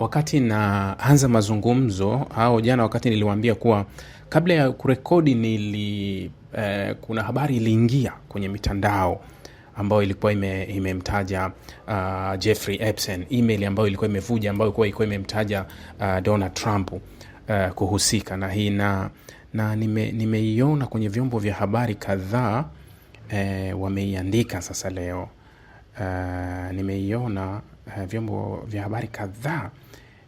wakati naanza mazungumzo au jana, wakati niliwaambia kuwa kabla ya kurekodi nili eh, kuna habari iliingia kwenye mitandao ambayo ilikuwa imemtaja ime uh, ah, Jeffrey epsen email ambayo ilikuwa imevuja ambayo ilikuwa imemtaja uh, Donald Trump uh, kuhusika na hii na, na nimeiona nime kwenye vyombo vya habari kadhaa eh, wameiandika sasa leo uh, nimeiona Eh, vyombo vya habari kadhaa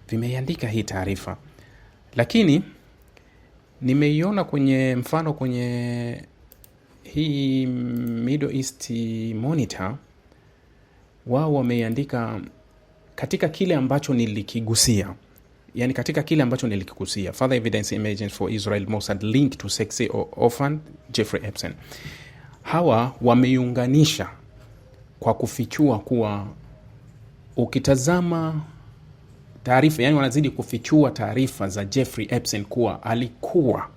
vimeiandika hii taarifa, lakini nimeiona kwenye mfano kwenye hii Middle East Monitor, wao wameiandika katika kile ambacho nilikigusia yani katika kile ambacho nilikigusia, father evidence emergence for Israel Mossad link to sexy orphan Jeffrey epson Hawa wameiunganisha kwa kufichua kuwa ukitazama taarifa, yani wanazidi kufichua taarifa za Jeffrey Epstein kuwa alikuwa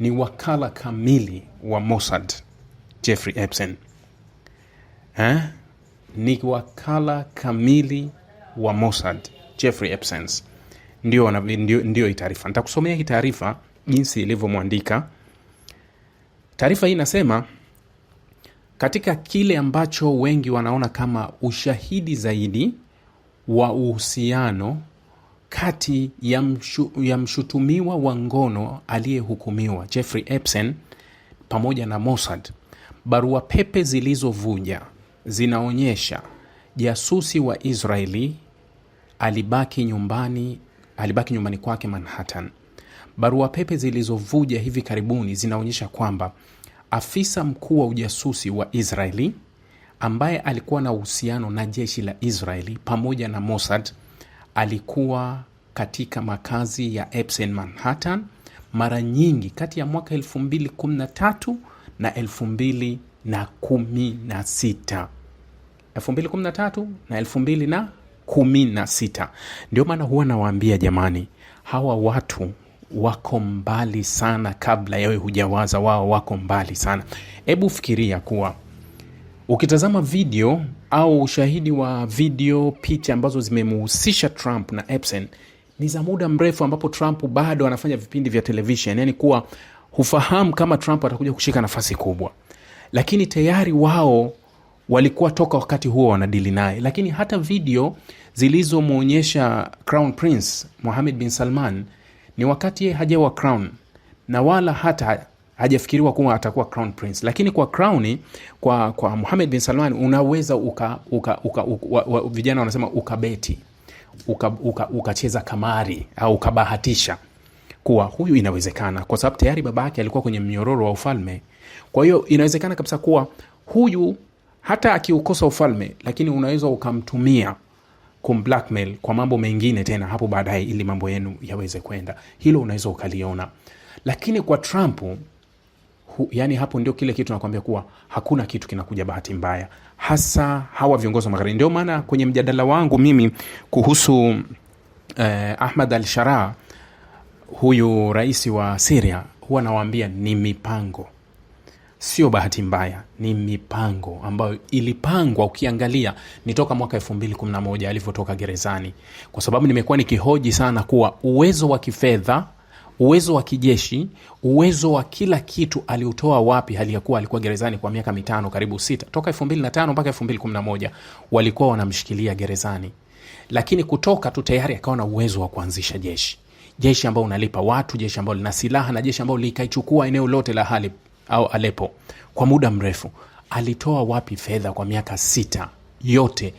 ni wakala kamili wa Mossad. Jeffrey Epstein eh, ni wakala kamili wa Mossad. Jeffrey Epstein ndio, ndio, ndio hii taarifa. Nitakusomea hii taarifa jinsi ilivyomwandika. Taarifa hii inasema katika kile ambacho wengi wanaona kama ushahidi zaidi wa uhusiano kati ya, mshu, ya mshutumiwa wa ngono aliyehukumiwa Jeffrey Epstein pamoja na Mossad. Barua pepe zilizovuja zinaonyesha jasusi wa Israeli alibaki nyumbani, alibaki nyumbani kwake Manhattan. Barua pepe zilizovuja hivi karibuni zinaonyesha kwamba afisa mkuu wa ujasusi wa Israeli ambaye alikuwa na uhusiano na jeshi la Israeli pamoja na Mossad alikuwa katika makazi ya Epstein Manhattan mara nyingi kati ya mwaka 2013 na 2016. 2013 na 2016. Ndio maana huwa nawaambia jamani, hawa watu wako mbali sana, kabla yawe hujawaza wao wako mbali sana. Hebu fikiria kuwa Ukitazama video au ushahidi wa video, picha ambazo zimemhusisha Trump na Epstein ni za muda mrefu, ambapo Trump bado anafanya vipindi vya television, yani kuwa hufahamu kama Trump atakuja kushika nafasi kubwa, lakini tayari wao walikuwa toka wakati huo wanadili naye. Lakini hata video zilizomwonyesha Crown Prince Mohammed bin Salman ni wakati yeye hajawa crown na wala hata hajafikiriwa kuwa atakuwa crown prince, lakini kwa crown kwa, kwa Muhammad bin Salman unaweza uka, uka, uka, uka, wa, wa, vijana wanasema ukabeti ukacheza uka, uka kamari au ukabahatisha kuwa huyu inawezekana, kwa sababu tayari baba yake alikuwa kwenye mnyororo wa ufalme. Kwa hiyo inawezekana kabisa kuwa huyu hata akiukosa ufalme, lakini unaweza ukamtumia kumblackmail kwa mambo mengine tena hapo baadaye, ili mambo yenu yaweze kwenda. Hilo unaweza ukaliona, lakini kwa Trump hu, yani hapo ndio kile kitu nakwambia kuwa hakuna kitu kinakuja bahati mbaya, hasa hawa viongozi wa Magharibi. Ndio maana kwenye mjadala wangu mimi kuhusu eh, Ahmad al shara huyu rais wa siria huwa nawaambia ni mipango, sio bahati mbaya, ni mipango ambayo ilipangwa. Ukiangalia ni toka mwaka elfu mbili kumi na moja alivyotoka gerezani, kwa sababu nimekuwa nikihoji sana kuwa uwezo wa kifedha uwezo wa kijeshi, uwezo wa kila kitu aliutoa wapi? Hali yakuwa alikuwa gerezani kwa miaka mitano karibu sita, toka tano mpaka moja walikuwa wanamshikilia gerezani, lakini kutoka tu tayari akawa na uwezo wa kuanzisha jeshi, jeshi ambao unalipa watu, jeshi ambao lina silaha na jeshi ambao likaichukua eneo lote la hali au alepo kwa muda mrefu. Alitoa wapi fedha kwa miaka sita yote?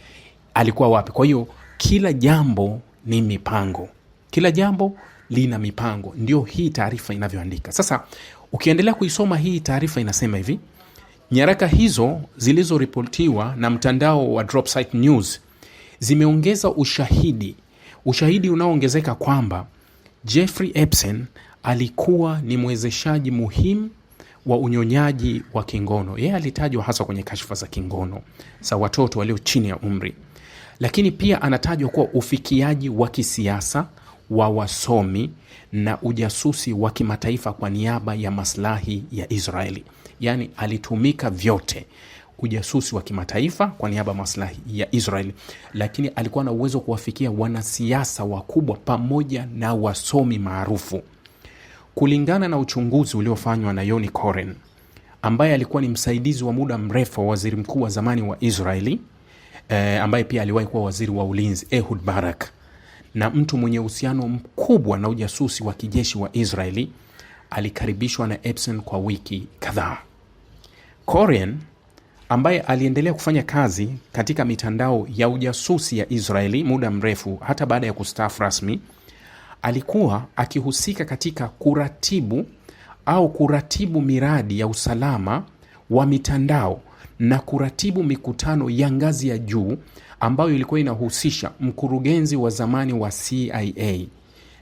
Alikuwa wapi? Kwa hiyo kila jambo ni mipango, kila jambo lina mipango. Ndio hii taarifa inavyoandika. Sasa ukiendelea kuisoma hii taarifa inasema hivi: nyaraka hizo zilizoripotiwa na mtandao wa Dropsite News zimeongeza ushahidi, ushahidi unaoongezeka kwamba Jeffrey Epstein alikuwa ni mwezeshaji muhimu wa unyonyaji wa kingono. Yeye alitajwa hasa kwenye kashfa za kingono za watoto walio chini ya umri lakini pia anatajwa kuwa ufikiaji wa kisiasa wa wasomi na ujasusi wa kimataifa kwa niaba ya maslahi ya Israeli. Yaani alitumika vyote, ujasusi wa kimataifa kwa niaba ya maslahi ya Israeli, lakini alikuwa na uwezo wa kuwafikia wanasiasa wakubwa pamoja na wasomi maarufu. Kulingana na uchunguzi uliofanywa na Yoni Cohen ambaye alikuwa ni msaidizi wa muda mrefu wa waziri mkuu wa zamani wa Israeli eh, ambaye pia aliwahi kuwa waziri wa ulinzi Ehud Barak na mtu mwenye uhusiano mkubwa na ujasusi wa kijeshi wa Israeli alikaribishwa na Epson kwa wiki kadhaa. Koren ambaye aliendelea kufanya kazi katika mitandao ya ujasusi ya Israeli muda mrefu hata baada ya kustaafu rasmi, alikuwa akihusika katika kuratibu au kuratibu miradi ya usalama wa mitandao na kuratibu mikutano ya ngazi ya juu ambayo ilikuwa inahusisha mkurugenzi wa zamani wa CIA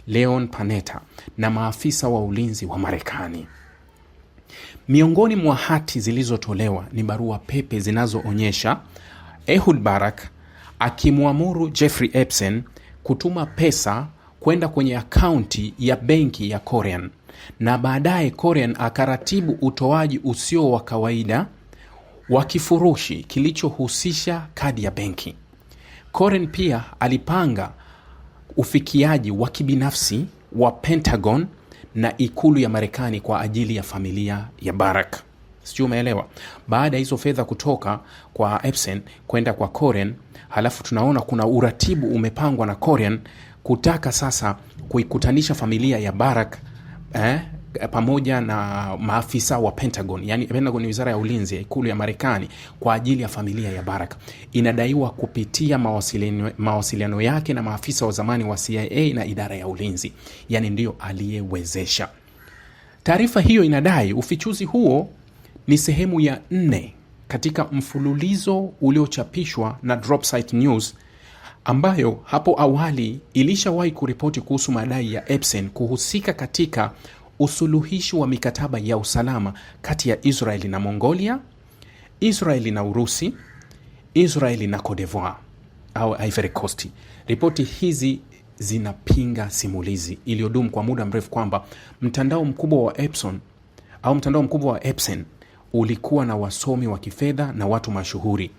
Leon Panetta na maafisa wa ulinzi wa Marekani. Miongoni mwa hati zilizotolewa ni barua pepe zinazoonyesha Ehud Barak akimwamuru Jeffrey Epstein kutuma pesa kwenda kwenye akaunti ya benki ya Korean na baadaye Korean akaratibu utoaji usio wa kawaida wa kifurushi kilichohusisha kadi ya benki. Coren pia alipanga ufikiaji wa kibinafsi wa Pentagon na ikulu ya Marekani kwa ajili ya familia ya barak Sijui umeelewa. Baada ya hizo fedha kutoka kwa Epstein kwenda kwa Coren, halafu tunaona kuna uratibu umepangwa na Coren kutaka sasa kuikutanisha familia ya barak eh, Eh, pamoja na maafisa wa Pentagon, yani Pentagon ni wizara ya ulinzi ya ikulu ya Marekani kwa ajili ya familia ya Baraka. Inadaiwa kupitia mawasiliano, mawasiliano yake na maafisa wa zamani wa CIA na idara ya ulinzi, yani ndiyo aliyewezesha taarifa hiyo. Inadai ufichuzi huo ni sehemu ya nne katika mfululizo uliochapishwa na Dropsite News ambayo hapo awali ilishawahi kuripoti kuhusu madai ya Epstein kuhusika katika usuluhishi wa mikataba ya usalama kati ya Israeli na Mongolia, Israeli na Urusi, Israeli na Cote d'Ivoire au Ivory Coast. Ripoti hizi zinapinga simulizi iliyodumu kwa muda mrefu kwamba mtandao mkubwa wa Epson au mtandao mkubwa wa Epson ulikuwa na wasomi wa kifedha na watu mashuhuri.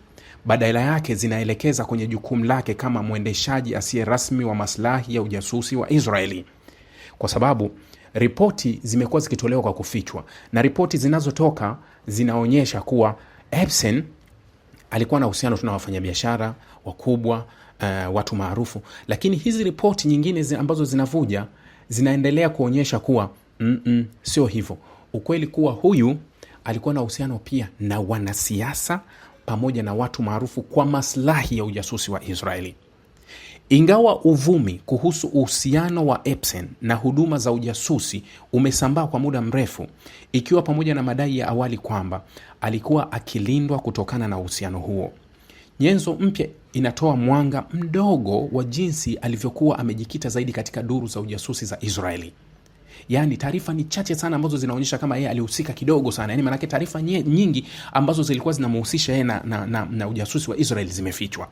Badala yake zinaelekeza kwenye jukumu lake kama mwendeshaji asiye rasmi wa maslahi ya ujasusi wa Israeli, kwa sababu ripoti zimekuwa zikitolewa kwa kufichwa, na ripoti zinazotoka zinaonyesha kuwa Epstein alikuwa na uhusiano tuna wafanyabiashara wakubwa, uh, watu maarufu, lakini hizi ripoti nyingine zi ambazo zinavuja zinaendelea kuonyesha kuwa mm -mm, sio hivyo. Ukweli kuwa huyu alikuwa na uhusiano pia na wanasiasa pamoja na watu maarufu kwa maslahi ya ujasusi wa Israeli. Ingawa uvumi kuhusu uhusiano wa Epstein na huduma za ujasusi umesambaa kwa muda mrefu, ikiwa pamoja na madai ya awali kwamba alikuwa akilindwa kutokana na uhusiano huo, nyenzo mpya inatoa mwanga mdogo wa jinsi alivyokuwa amejikita zaidi katika duru za ujasusi za Israeli. Yaani, taarifa ni chache sana ambazo zinaonyesha kama yeye alihusika kidogo sana. Yaani maanake taarifa nyingi ambazo zilikuwa zinamhusisha yeye na, na, na, na ujasusi wa Israeli zimefichwa.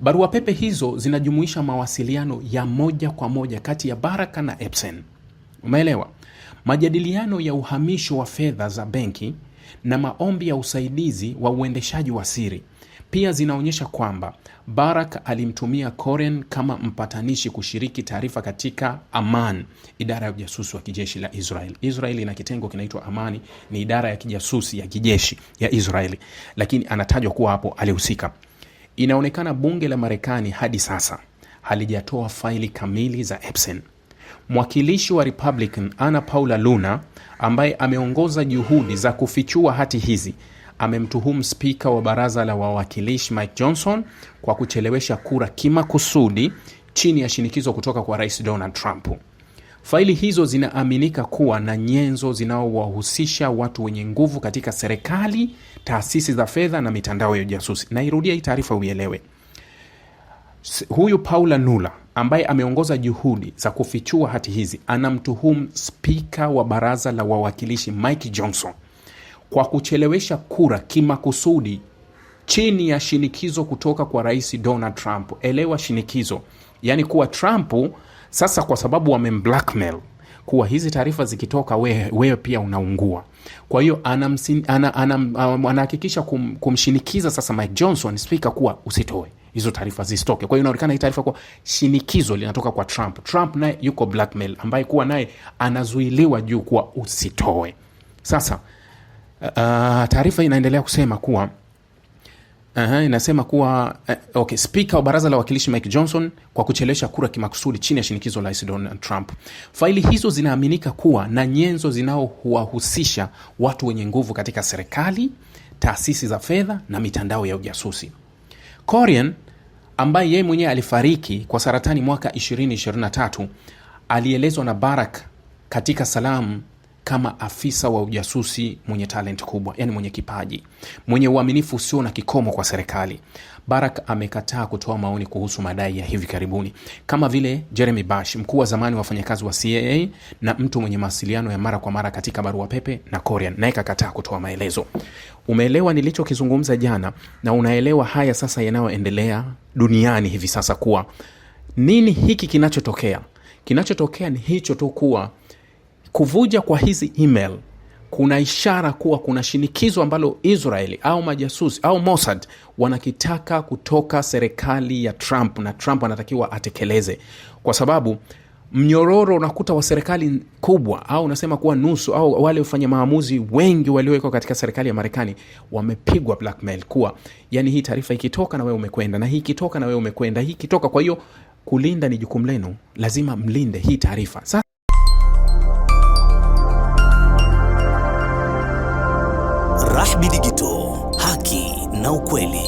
Barua pepe hizo zinajumuisha mawasiliano ya moja kwa moja kati ya Baraka na Epstein, umeelewa, majadiliano ya uhamisho wa fedha za benki na maombi ya usaidizi wa uendeshaji wa siri. Pia zinaonyesha kwamba Barak alimtumia Coren kama mpatanishi kushiriki taarifa katika Aman, idara ya ujasusi wa kijeshi la Israel. Israel ina kitengo kinaitwa Amani, ni idara ya kijasusi ya kijeshi ya Israeli, lakini anatajwa kuwa hapo alihusika. Inaonekana bunge la Marekani hadi sasa halijatoa faili kamili za Epstein. Mwakilishi wa Republican Ana Paula Luna ambaye ameongoza juhudi za kufichua hati hizi amemtuhumu spika wa baraza la wawakilishi Mike Johnson kwa kuchelewesha kura kimakusudi chini ya shinikizo kutoka kwa Rais Donald Trump. Faili hizo zinaaminika kuwa na nyenzo zinaowahusisha watu wenye nguvu katika serikali taasisi za fedha na mitandao ya ujasusi. Nairudia hii taarifa uielewe. Huyu Paula Nula ambaye ameongoza juhudi za kufichua hati hizi anamtuhumu spika wa baraza la wawakilishi Mike Johnson kwa kuchelewesha kura kimakusudi chini ya shinikizo kutoka kwa Rais Donald Trump. Elewa shinikizo, yaani kuwa Trump sasa, kwa sababu wamemblackmail kuwa hizi taarifa zikitoka wewe, we pia unaungua kwa hiyo anahakikisha ana, ana, um, ana, kumshinikiza sasa Mike Johnson spika kuwa usitoe hizo taarifa zisitoke. Kwa hiyo inaonekana hii taarifa kuwa shinikizo linatoka kwa Trump. Trump naye yuko blackmail, ambaye kuwa naye anazuiliwa juu kuwa usitoe. Sasa uh, uh taarifa inaendelea kusema kuwa Aha, inasema kuwa eh, okay, spika wa baraza la wakilishi Mike Johnson kwa kuchelewesha kura kimakusudi chini ya shinikizo la rais Donald Trump. Faili hizo zinaaminika kuwa na nyenzo zinaowahusisha watu wenye nguvu katika serikali, taasisi za fedha na mitandao ya ujasusi. Corian ambaye yeye mwenyewe alifariki kwa saratani mwaka 2023 alielezwa na Barack katika salamu kama afisa wa ujasusi mwenye talent kubwa, yani mwenye kipaji, mwenye uaminifu usio na kikomo kwa serikali. Barak amekataa kutoa maoni kuhusu madai ya hivi karibuni kama vile Jeremy Bash, mkuu wa zamani wa wafanyakazi wa CIA na mtu mwenye mawasiliano ya mara kwa mara katika barua pepe na Korean, naye kakataa kutoa maelezo. Umeelewa nilichokizungumza jana, na unaelewa haya sasa yanayoendelea duniani hivi sasa, kuwa nini hiki kinachotokea. Kinachotokea ni hicho tu kuwa Kuvuja kwa hizi email kuna ishara kuwa kuna shinikizo ambalo Israeli au majasusi au Mossad wanakitaka kutoka serikali ya Trump, na Trump anatakiwa atekeleze, kwa sababu mnyororo unakuta wa serikali kubwa au unasema kuwa nusu au wale wafanya maamuzi wengi waliowekwa katika serikali ya Marekani wamepigwa blackmail, kuwa yani hii taarifa ikitoka na wewe umekwenda, na hii ikitoka na wewe umekwenda, hii ikitoka. Kwa hiyo kulinda ni jukumu lenu, lazima mlinde hii taarifa. Cueli.